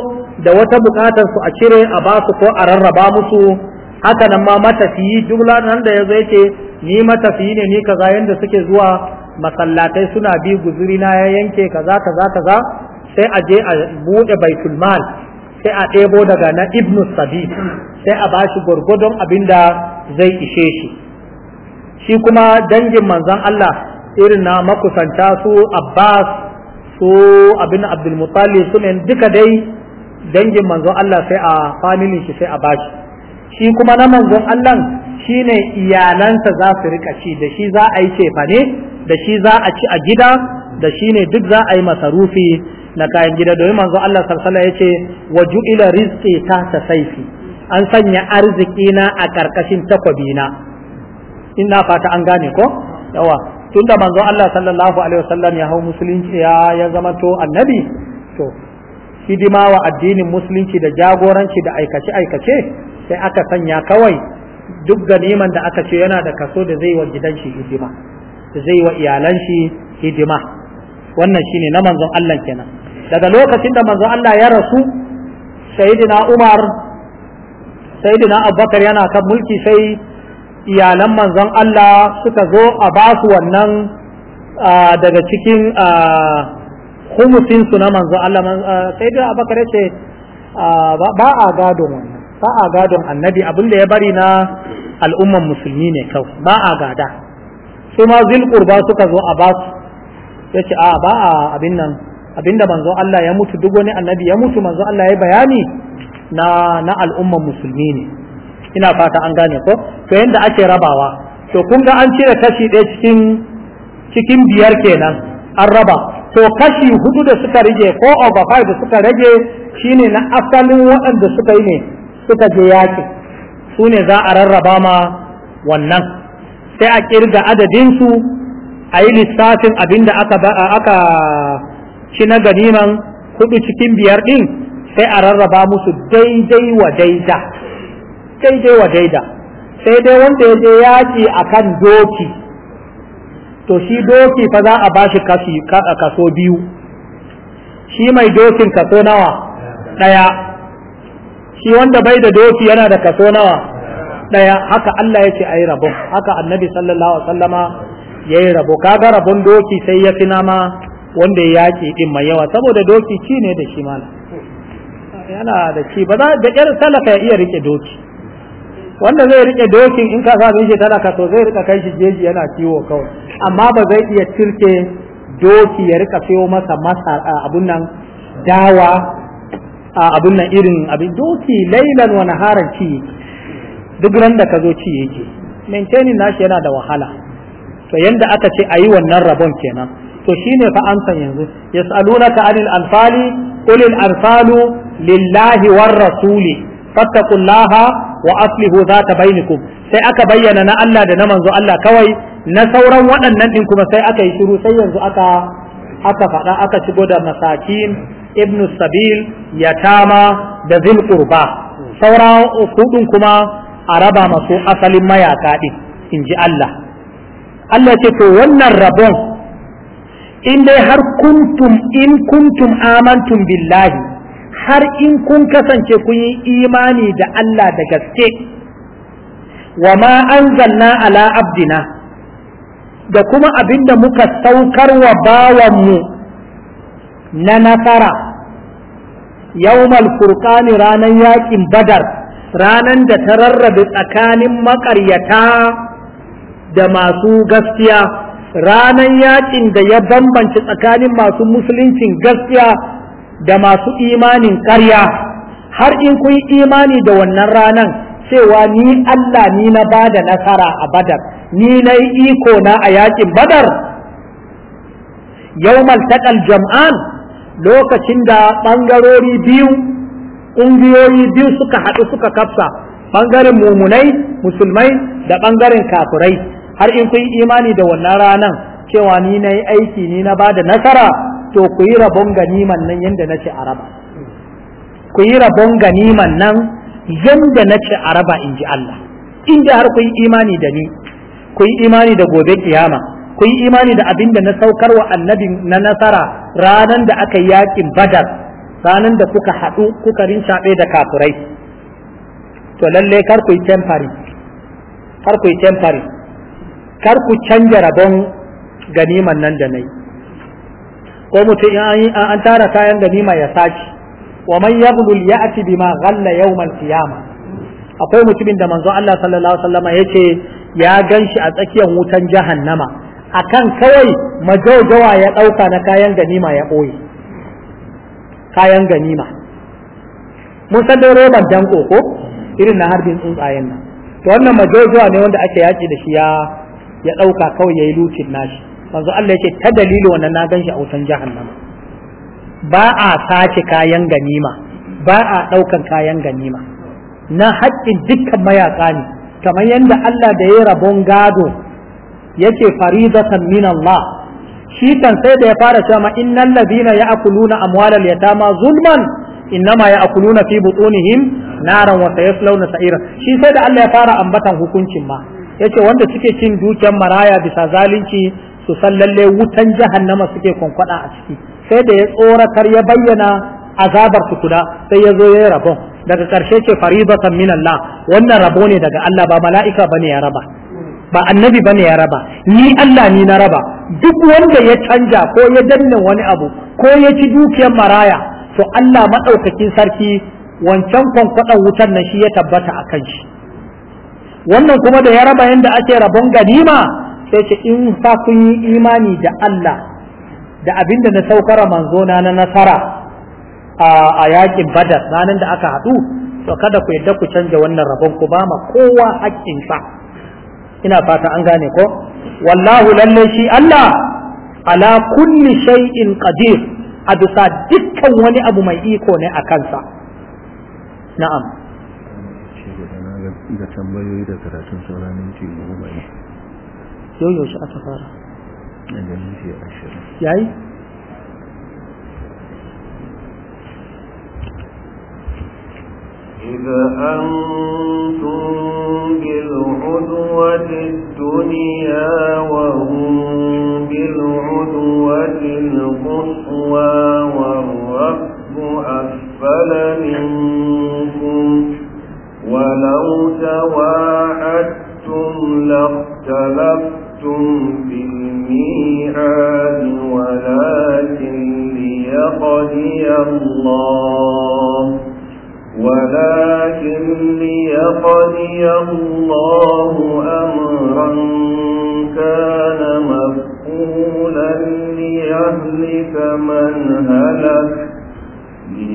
da wata bukatar su a cire a basu ko a rarraba musu haka nan ma matafiyi duk nan da ya zo yake ni matafiyi ne ni kaza yanda suke zuwa masallatai suna bi guzuri na ya yanke kaza kaza kaza sai a je a bude baitul mal sai a ɗebo daga na ibnu sabi sai a bashi gwargwadon abinda zai ishe shi shi kuma dangin manzon Allah irin na makusanta su Abbas su abin Abdul Muttalib su ne duka dai dangin manzon Allah sai a family shi sai a bashi shi kuma na manzon Allah shine iyalansa za su rika ci da shi za a yi cefane da shi za a ci a gida da shi ne duk za a yi masarufi na kayan gida domin manzo Allah sallallahu ya ce yace wa ju'ila rizqi ta saifi an sanya arzikina a ƙarƙashin takwabina ina fata an gane ko yawa tunda manzo Allah sallallahu alaihi wasallam ya hau musulunci ya ya zama to annabi to hidima wa addinin musulunci da jagoranci da aikace aikace sai aka sanya kawai duk ganiman da aka ce yana da kaso da zai wa gidan shi hidima da zai wa iyalan shi hidima wannan shine na manzon Allah kenan daga lokacin da manzon Allah ya rasu sayyidina Umar sayyidina abubakar yana kan mulki sai iyalan manzon Allah suka zo a ba su wannan daga cikin humusinsu na manzon Allah sayyidina abubakar ya ce ba a gadon wannan ba a gadon annabi abin da ya bari na al'umman musulmi ne kawai ba a gada su ma zil qurba suka zo a ba su ya a ba a abin nan abinda manzon Allah ya mutu duk wani annabi ya mutu manzon Allah ya bayani na na al'umman musulmi ne ina fata an gane ko to yanda ake rabawa to kun ga an cire kashi ɗaya cikin cikin biyar kenan an raba to kashi hudu da suka rage ko over five da suka rage shine na asalin waɗanda suka yi ne suka je yaƙi su ne za a rarraba ma wannan sai a ƙirga adadinsu a yi lissafin abin da aka ci na ganiman hudu cikin biyar ɗin sai a rarraba musu daidai wa daida daidai wa daida sai dai wanda ya je yaƙi akan doki to shi doki fa za a bashi kashi kaso biyu shi mai dokin kaso nawa ɗaya shi wanda bai da doki yana da kaso nawa ɗaya haka Allah ya ce a rabon haka annabi sallallahu alaihi wasallama ya yi rabo kaga rabon doki sai ya fi nama wanda ya yaƙi ɗin mai yawa saboda doki ci ne da shi mana yana da ci ba za da ƙyar talaka ya iya rike doki wanda zai rike dokin in ka sami shi talaka to zai rika kai shi jeji yana ciwo kawai amma ba zai iya cirke doki ya rika sayo masa masa abun nan dawa a abun nan irin abin doki lailan wani haran ci duk ran da ka zo ci yake maintaining nashi yana da wahala to yanda aka ce a yi wannan rabon kenan to shine fa amsa yanzu yas'alunaka anil anfali ulil arsalu lillahi war rasuli fattaqullaha wa aslihu zata ku. sai aka bayyana na Allah da na manzo Allah kawai na sauran waɗannan din kuma sai aka yi shiru sai yanzu aka aka faɗa aka shigo da masakin ibnu sabil yatama da zil qurba saura hudun kuma a raba masu asalin mayaka ɗin. in ji Allah Allah ce to wannan rabon in dai har kuntum in kuntum amantum billahi har in kun kasance kun yi imani da Allah da gaske wa ma anzalna ala abdina da kuma abinda muka saukar wa bawanmu na nasara yawmal furqani ranan yakin badar ranan da ta rarrabe tsakanin maƙaryata da masu gaskiya Ranan yakin da ya bambanci tsakanin masu musuluncin gaskiya da masu imanin karya, har in kun imani da wannan ranan cewa ni Allah ni na ba da nasara a badar ni na yi iko na a yakin badar Yau taqal jam'an lokacin da ɓangarori biyu ƙungiyoyi biyu suka haɗu suka kafsa ɓangaren mumunai musulmai da ɓangaren kafirai har in kun imani da wannan ranan cewa ni na yi aiki ni na bada nasara to ku yi rabon ganiman nan yadda na ce araba ku yi rabon ganiman nan yadda na ce araba in ji Allah in har ku yi imani da ni ku yi imani da gobe kiyama ku yi imani da abin da na saukar wa annabi na nasara ranan da aka yi yakin badar ranan da kuka haɗu kuka rinshaɓe da kafurai to lalle kar ku yi temporary kar ku yi temporary kar ku canja rabon ganiman nan da nai ko mutum in an tara kayan ganima ya sace, wa man yaghlul ya'ti bima ghalla yawmal qiyama akwai mutumin da manzo Allah sallallahu alaihi wasallam yace ya ganshi a tsakiyar wutan jahannama akan kawai majaujawa ya dauka na kayan ganima ya boye kayan ganima mun san dai roban danko ko irin na harbin tsuntsayen nan to wannan majaujawa ne wanda ake yaki da shi ya ya ɗauka kawai ya yi lucin nashi manzo Allah ya ce ta dalili wannan na gan shi a wutan jahannama ba a sace kayan ganima ba a ɗaukan kayan ganima na haƙƙin dukkan mayaƙa ne kamar yadda Allah da ya rabon gado yake faridatan min Allah shi kan sai da ya fara cewa innal ladina ya'kuluna amwalal yatama zulman innama ya'kuluna fi butunihim naran wa sayaslawna sa'ira shi sai da Allah ya fara ambatan hukuncin ma yace wanda suke cin dukiyar maraya bisa zalunci su san lalle wutan jahannama suke kwankwada a ciki sai da ya tsoratar ya bayyana azabar su kuda sai ya zo ya rabon daga karshe ce faridatan min Allah wannan rabo ne daga Allah ba mala'ika bane ya raba ba annabi bane ya raba ni Allah ni na raba duk wanda ya canja ko ya danne wani abu ko ya ci dukiyar maraya to Allah madaukakin sarki wancan kwankwadan wutan nan shi ya tabbata a kan shi wannan kuma da ya raba yadda ake rabon ganima sai ce in fa kun yi imani da Allah da abin da na saukara manzona na nasara a yakin badar ranar da aka haɗu to kada ku yadda ku canja wannan rabon ku ba ma kowa haƙƙinsa ina fata an gane ko wallahu lalle shi Allah ala kulli shay'in qadir a bisa dukkan wani abu mai iko ne a kansa na'am ga tambayoyi da karatun sauran minti goma ne yau yaushe aka fara daga minti ashirin yayi إذا أنتم بالعدوة الدنيا وهم بالعدوة القصوى والرب أسفل منكم ولو تواعدتم لاختلفتم في الميعاد ولكن ليقضي الله ولكن ليقضي الله أمرا كان مفقولا ليهلك من هلك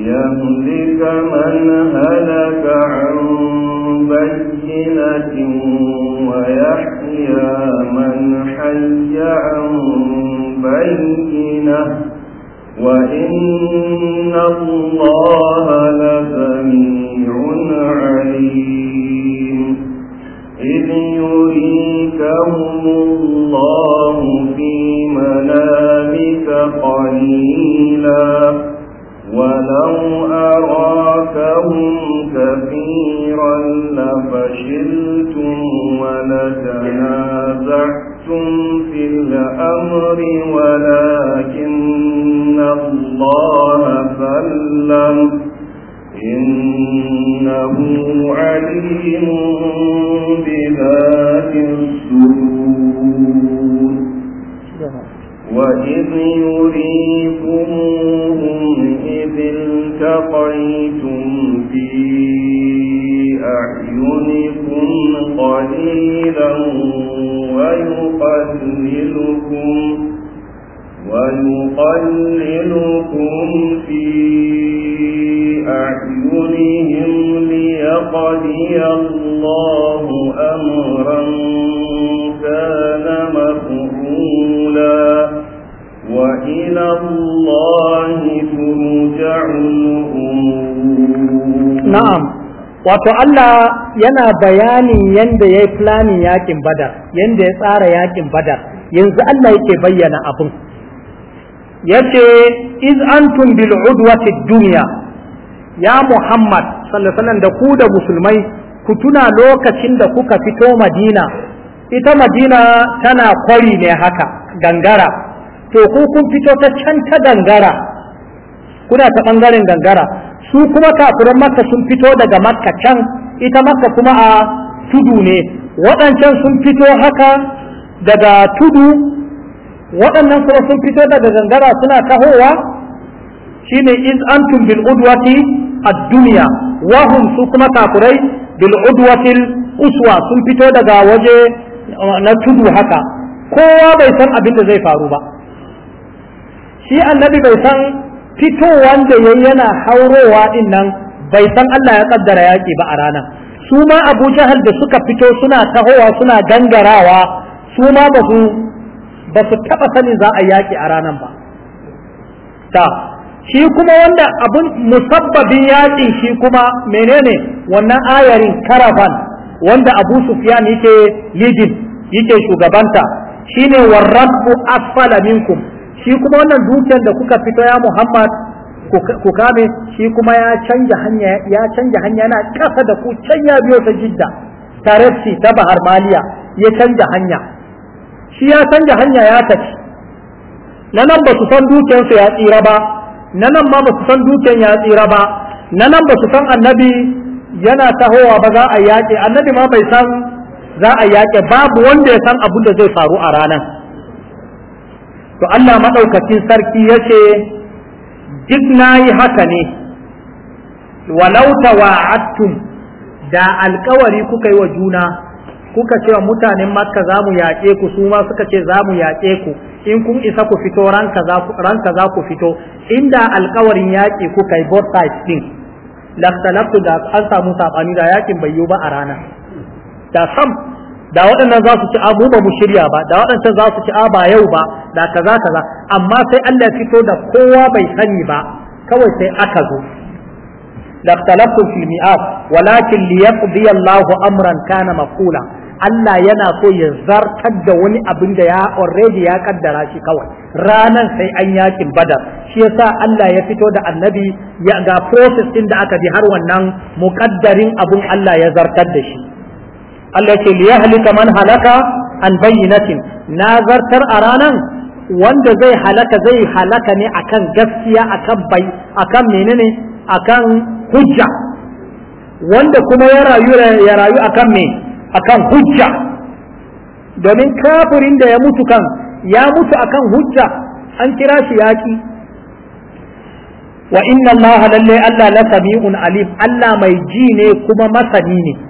يهلك من هلك عن بينة ويحيى من حي عن بينة وإن الله لسميع عليم إذ يريكهم الله في منامك قليلاً ولو أراكهم كثيرا لفشلتم ولتنازعتم في الأمر ولكن الله سلم إنه عليم بذات السرور وإذ يريد التقيتم في أعينكم قليلا ويقللكم ويقللكم في أعينهم ليقضي الله أمرا كان مفعولا وإلى الله na'am wato Allah yana bayanin yanda ya yi planin yakin badar yanda ya tsara yakin badar yanzu Allah yake bayyana abin yace iz antum bil udwati dunya ya Muhammad sallallahu da ku da musulmai ku tuna lokacin da kuka fito Madina ita Madina tana kwari ne haka gangara to ku kun fito ta can ta gangara kuna ta bangaren gangara su kuma kafiran makka sun fito daga makka can ita makka kuma a tudu ne waɗancan sun fito haka daga tudu waɗannan kuma sun fito daga gangara suna tahowa shine iz antum bil udwati ad-dunya wa su kuma kafirai bil udwati uswa sun fito daga waje na tudu haka kowa bai san abin da zai faru ba shi annabi bai san fitowar da yayi yana haurowa din nan bai san Allah ya kaddara yaki ba a ranan, su ma Abu Jahal da suka fito suna tahowa suna gangarawa su ma ba su ba sanin za a yaki a ranan ba ta shi kuma wanda abun musabbabin yaƙin shi kuma menene wannan ayarin karavan wanda Abu Sufyan yake lidin yake shugabanta shine warrabu asfala minkum shi kuma wannan dukiyar da kuka fito ya Muhammad ku kame shi kuma ya canja hanya ya canja hanya na kasa da ku can ya biyo ta Jidda tarafsi ta Bahar Maliya ya canja hanya shi ya canja hanya ya tafi na nan ba su san su ya tsira ba na nan ma ba su san dukiyar ya tsira ba na nan ba su san annabi yana tahowa ba za a yaƙe annabi ma bai san za a yaƙe babu wanda ya san abin da zai faru a ranar to Allah maɗaukacin sarki ya ce duk na yi haka ne walau tawa'attum da alkawari kuka yi wa juna kuka cewa mutanen makka za mu yaƙe ku su ma suka ce za mu yaƙe ku in kun isa ku fito ranka za ku fito inda alkawarin yaƙi kuka yi both sides din laftalaftu da an samu saɓani da yaƙin bai yiwu ba a rana da sam da waɗannan za su ci a mu ba mu shirya ba da waɗancan za su ci a ba yau ba da kaza kaza amma sai Allah ya fito da kowa bai sani ba kawai sai aka zo laftalaftu fi mi'at walakin liyaqdi Allahu amran kana maqula Allah yana so ya zartar da wani abin da ya already ya kaddara shi kawai ranan sai an yakin badar shi yasa Allah ya fito da annabi ya ga process din da aka bi har wannan muqaddarin abun Allah ya zartar da shi Allah ya ce liyahlika man halaka an bayyinatin na zartar a ranan wanda zai halaka zai halaka ne akan gaskiya akan bai akan menene akan hujja wanda kuma ya rayu ya rayu akan me akan hujja domin kafirin da ya mutu kan ya mutu akan hujja an kira shi yaki wa inna Allah lalle Allah la sami'un alim Allah mai ji ne kuma masani ne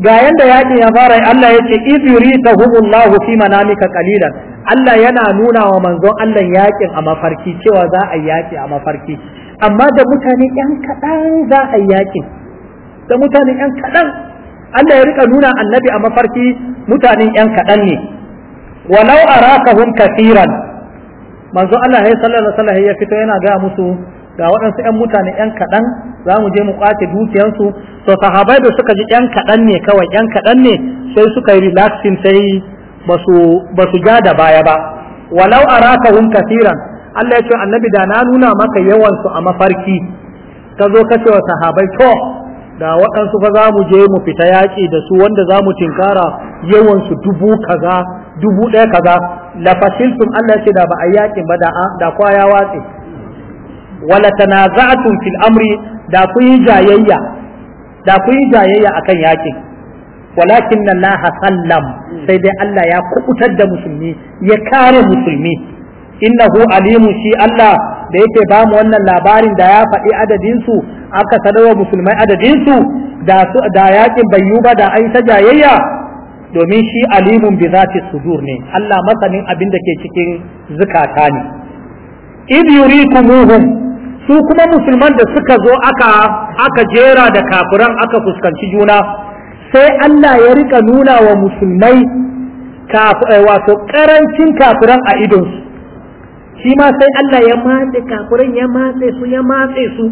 ga yanda yaƙin ya fara Allah ya ce if you read the yurisahumullahu fi manamika qalilan Allah yana nuna wa manzon Allah yaƙin a mafarki cewa za a yaƙi a mafarki amma da mutane yan kaɗan za a yaƙin da mutane yan kaɗan Allah ya rika nuna annabi a mafarki mutane yan kaɗan ne walau arakahum kathiran manzo Allah ya sallallahu alaihi ya fito yana ga musu ga waɗansu 'yan mutane 'yan kaɗan za mu je mu ƙwace dukiyansu to sahabai da suka ji yan kaɗan ne kawai yan kaɗan ne sai suka yi relaxing sai ba su ja da baya ba walau a arakahum kasiran Allah ya ce annabi da na nuna maka yawansu a mafarki ka zo ka wa sahabai to da waɗansu fa za mu je mu fita yaƙi da su wanda za mu tinkara yawan su dubu kaza dubu ɗaya kaza la fasiltum Allah ya ce da ba a yaƙin ba da kwaya watsi wala tanaza'tum fil amri da kun yi jayayya da kun yi jayayya akan yakin walakin Allah sallam sai dai Allah ya kubutar da musulmi ya kare musulmi innahu alimu shi Allah da yake ba mu wannan labarin da ya faɗi adadinsu su aka sadarwa musulmai adadinsu da da yakin bai yi ba da an ta jayayya domin shi alimun bi zati sudur ne Allah masanin abin da ke cikin zukata ne idh yurikumuhum su kuma musulman da suka zo aka aka jera da kafiran aka fuskanci juna sai Allah ya rika nuna wa musulmai eh, wato karancin kafiran a idonsu shi ma sai Allah ya matse kafiran ya matse su ya matse su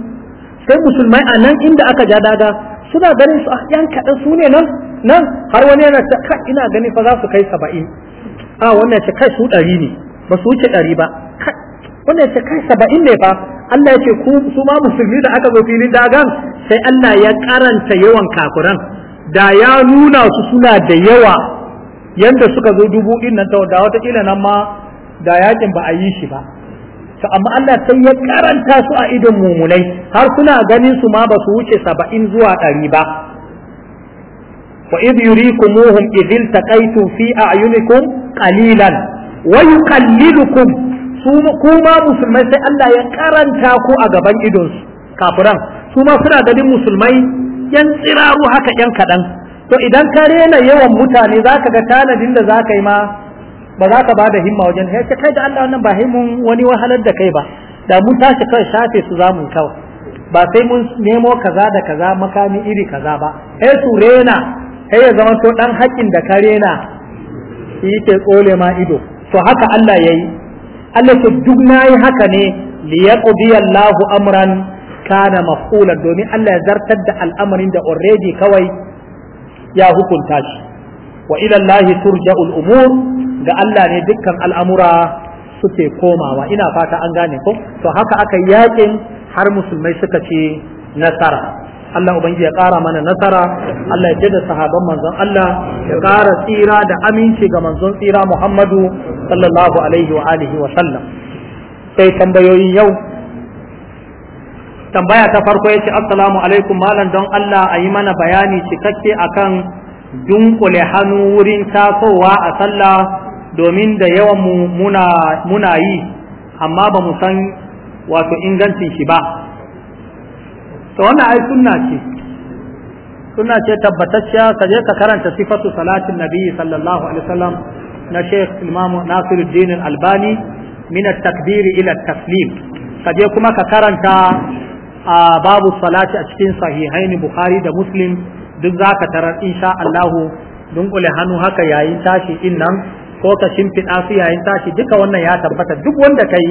sai musulmai a nan inda aka ja daga suna ganin su a ah, yan kaɗan su ne nan nan har wani yana ta kai ina ganin fa za su kai saba'in a ah, wannan ce kai su ɗari ne ba su wuce ɗari ba wanda ya kai saba'in ne ba, Allah ya ce ku su ma musulmi da aka zo filin dagan sai Allah ya karanta yawan kafiran da ya nuna su suna da yawa yanda suka zo dubu din nan ta da wata kila nan ma da yakin ba a yi shi ba to amma Allah sai ya karanta su a idon mumunai har suna ganin su ma ba su wuce saba'in zuwa ɗari ba wa idh yurikumuhum idh iltaqaytum fi a'yunikum qalilan wa Kuma ma musulmai sai Allah ya karanta ku a gaban idonsu kafiran su ma suna ganin musulmai yan tsiraru haka yan kaɗan to idan ka rena yawan mutane za ka ga tanadin da za ka yi ma ba za ka ba da himma wajen ya kai da Allah wannan ba himmun wani wahalar da kai ba da mun tashi kai shafe su zamu kawai ba sai mun nemo kaza da kaza makami iri kaza ba sai su rena sai ya zama to dan haƙin da ka rena yi ke tsole ma ido to haka Allah yayi Allah ce duk nayi haka ne li Allahu amran kana maf'ula domin Allah ya zartar da al'amarin da already kawai ya hukunta shi wa ilallahi turja'ul umur ga Allah ne dukkan al'amura suke komawa ina fata an gane ko to haka aka yakin har musulmai suka ce nasara Allah ubangi ya ƙara mana nasara Allah ya ce da sahaban manzon Allah ya ƙara tsira da aminci ga manzon tsira Muhammadu sallallahu alaihi wa alihi wa sallam sai tambayoyin yau tambaya ta farko yace assalamu alaikum malam don Allah a yi mana bayani cikakke akan dunkule hannu wurin tasowa a sallah domin da yawan mu muna muna yi amma ba mu san wato ingancin shi ba to wannan ai sunna ce sunna ce tabbatacciya ka je ka karanta sifatu salatin nabi sallallahu alaihi wasallam na Sheikh Imam Nasiruddin Al-Albani min at-takbir ila at-taslim ka je kuma ka karanta a babu salati a cikin sahihaini Bukhari da Muslim duk ka tarar insha Allah dunkule hannu haka yayin tashi din nan ko ka shimfiɗa su yayin tashi duka wannan ya tabbata duk wanda kai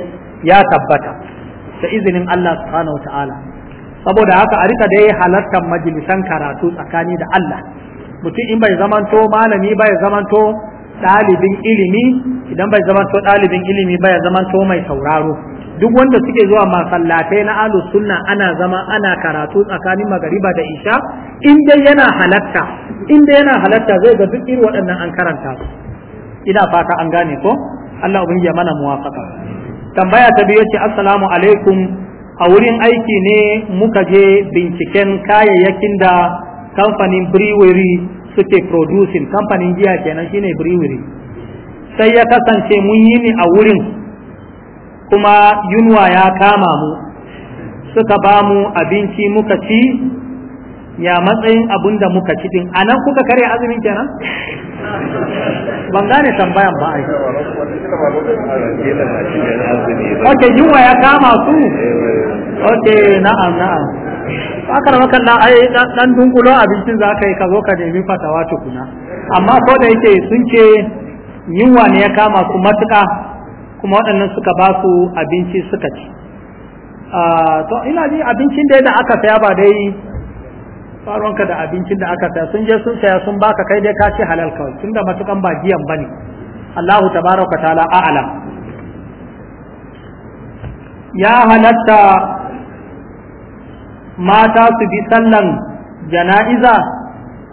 ya tabbata da izinin Allah subhanahu wa ta'ala saboda haka a rika ya halartar majalisan karatu tsakani da Allah mutum in bai zamanto malami bai zamanto ɗalibin ilimi idan bai zamanto ɗalibin ilimi bai zamanto mai sauraro duk wanda suke zuwa masallatai na alu sunna ana zama ana karatu tsakanin magariba da isha in dai yana halatta in dai yana halatta zai ga duk irin waɗannan an karanta su ina fata an gane ko Allah ubangiji ya mana muwafaka tambaya ta biyo ce assalamu alaikum a wurin aiki ne muka je binciken kayayyakin da kamfanin brewery suke producing kamfanin giya kenan shine brewery sai ya kasance mun yi ni a wurin kuma yunwa ya kama mu suka ba mu abinci muka ci ya matsayin abun da muka cikin, a anan kuka kare azumin kenan ban gane tambayan ba ai okay yunwa ya kama su okay na'am na'am akar maka na ai dan dunkulo abincin za ka yi ka zo ka nemi fatawa tukuna amma ko da yake sun ce yunwa ne ya kama su matuka kuma waɗannan suka ba su abinci suka ci ah, to ina ji abincin da aka saya ba dai faronka da abincin da aka sun je sun saya sun baka kai dai ka ce halal kawai da matukan ba giyan bane Allahu tabaraka ta'ala a'ala. ya halatta mata su bi sallan jana'iza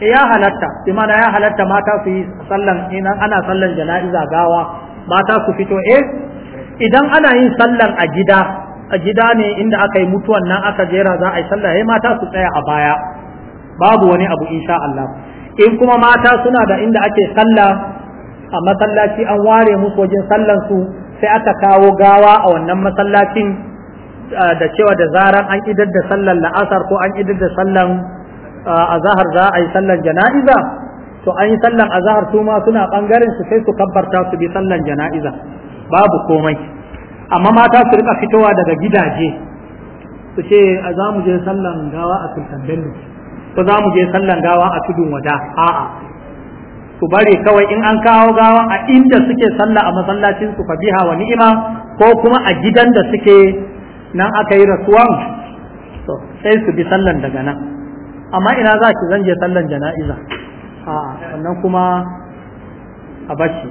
eh, ya halatta bi mana ya halatta mata su yi sallan inan ana sallan jana'iza gawa mata su fito eh idan ana yin sallan a gida a gida ne inda aka yi mutuwan nan aka jera za a yi sallah eh mata su tsaya a baya babu wani abu insha Allah in kuma mata suna da inda ake sallah a masallaci an ware musu wajen sallan su sai aka kawo gawa a wannan masallacin da cewa da zaran an idar da sallan la'asar ko an idar da sallan azahar za a yi sallan jana'iza to an yi sallan azahar su ma suna bangaren su sai su kabbarta su bi sallan jana'iza babu komai amma mata su rika fitowa daga gidaje su ce za mu je sallan gawa a sultan bello ko za mu je sallan gawa a tudun wada a'a ku bari kawai in an kawo gawa a inda suke sallah a masallacin su fa biha wa ni'ima ko kuma a gidan da suke nan aka yi rasuwan to sai su bi sallan daga nan amma ina za ki zan je sallan jana'iza a'a wannan kuma a bashi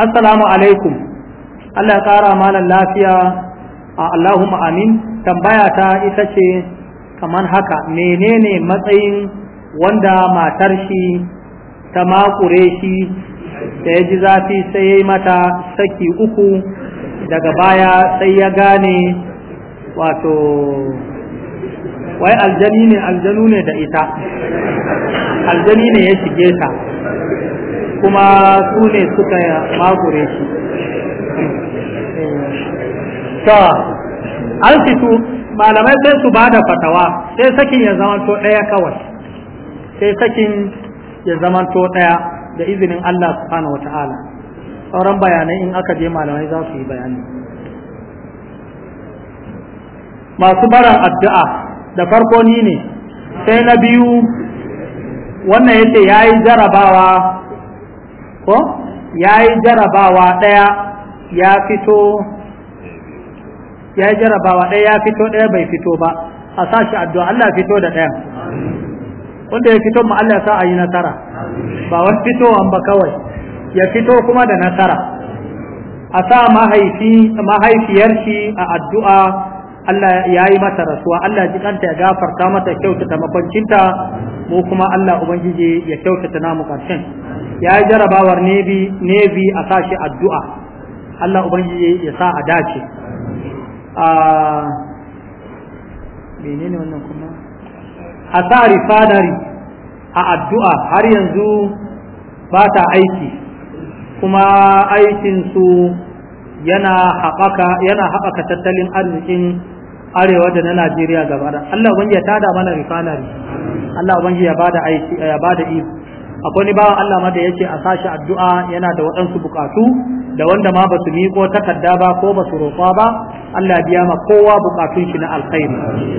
assalamu alaikum Allah ya kara malam lafiya Allahumma amin tambaya ta ita ce kamar haka menene matsayin wanda matar shi ta makure shi da ya ji zafi sai ya yi mata saki uku daga baya sai ya gane wato wai aljani ne aljanu ne da ita aljani ne ya shige ta kuma su ne suka makure shi eh. ta alfitu malamai sai su bada fatawa sai sakin ya zamanto ɗaya kawai sai sakin ya zamanto ɗaya da izinin Allah subhanahu wa ta'ala sauran bayanai in aka je malamai za su yi bayani masu baran addu'a da farko ni ne sai na biyu wannan yace yayi jarabawa ko yayi jarabawa ɗaya ya fito ya yi jarabawa ɗaya ya fito ɗaya bai fito ba a sa shi addu'a Allah fito da ɗaya, wanda ya fito mu Allah sa a yi nasara ba wani fitowan ba kawai ya fito kuma da nasara a sa mahaifiyar shi a addu'a Allah ya yi mata rasuwa Allah ji kanta ya gafarta mata kyautata makwancinta mu kuma Allah Ubangiji ya kyautata namu karshen ya yi jarabawar nevi a sa shi addu'a Allah Ubangiji ya sa a dace a menene wannan a sa rifanari a addu'a har yanzu ba ta aiki kuma aikinsu yana haɓaka tattalin arzikin arewa da na najeriya gaba da allah ubangi ya tada mana rifanari allah ubangi ya bada aiki ya bada iko akwai bawan Allah ma da yace a sashi addu'a yana da waɗansu bukatu da wanda ma ba su miƙo takarda ba ko ba su roƙa ba Allah biya ma kowa bukatun shi na alkhairi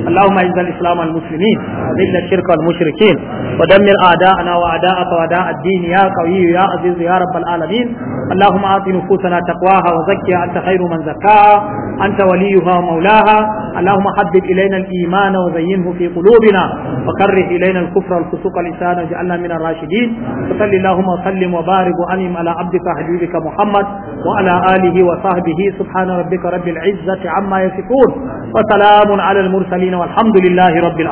Allahumma izza al-islam al-muslimin wa dhilla shirka al-mushrikin wa dammir a'da'ana wa a'da'aka wa da'a ad-din ya qawi ya aziz ya rabbal alamin Allahumma ati nufusana taqwaha wa zakkiha anta khairu man zakkaha anta waliyuha wa mawlaha Allahumma habbib ilayna al-iman wa zayyinhu fi qulubina wa karrih ilayna al-kufra wal-fusuqa lisanan waj'alna min ar-rashidin الحميد فصل اللهم وسلم وبارك وانعم على عبدك حبيبك محمد وعلى اله وصحبه سبحان ربك رب العزه عما يصفون وسلام على المرسلين والحمد لله رب العالمين